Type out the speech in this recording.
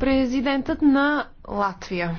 Президентът на Латвия.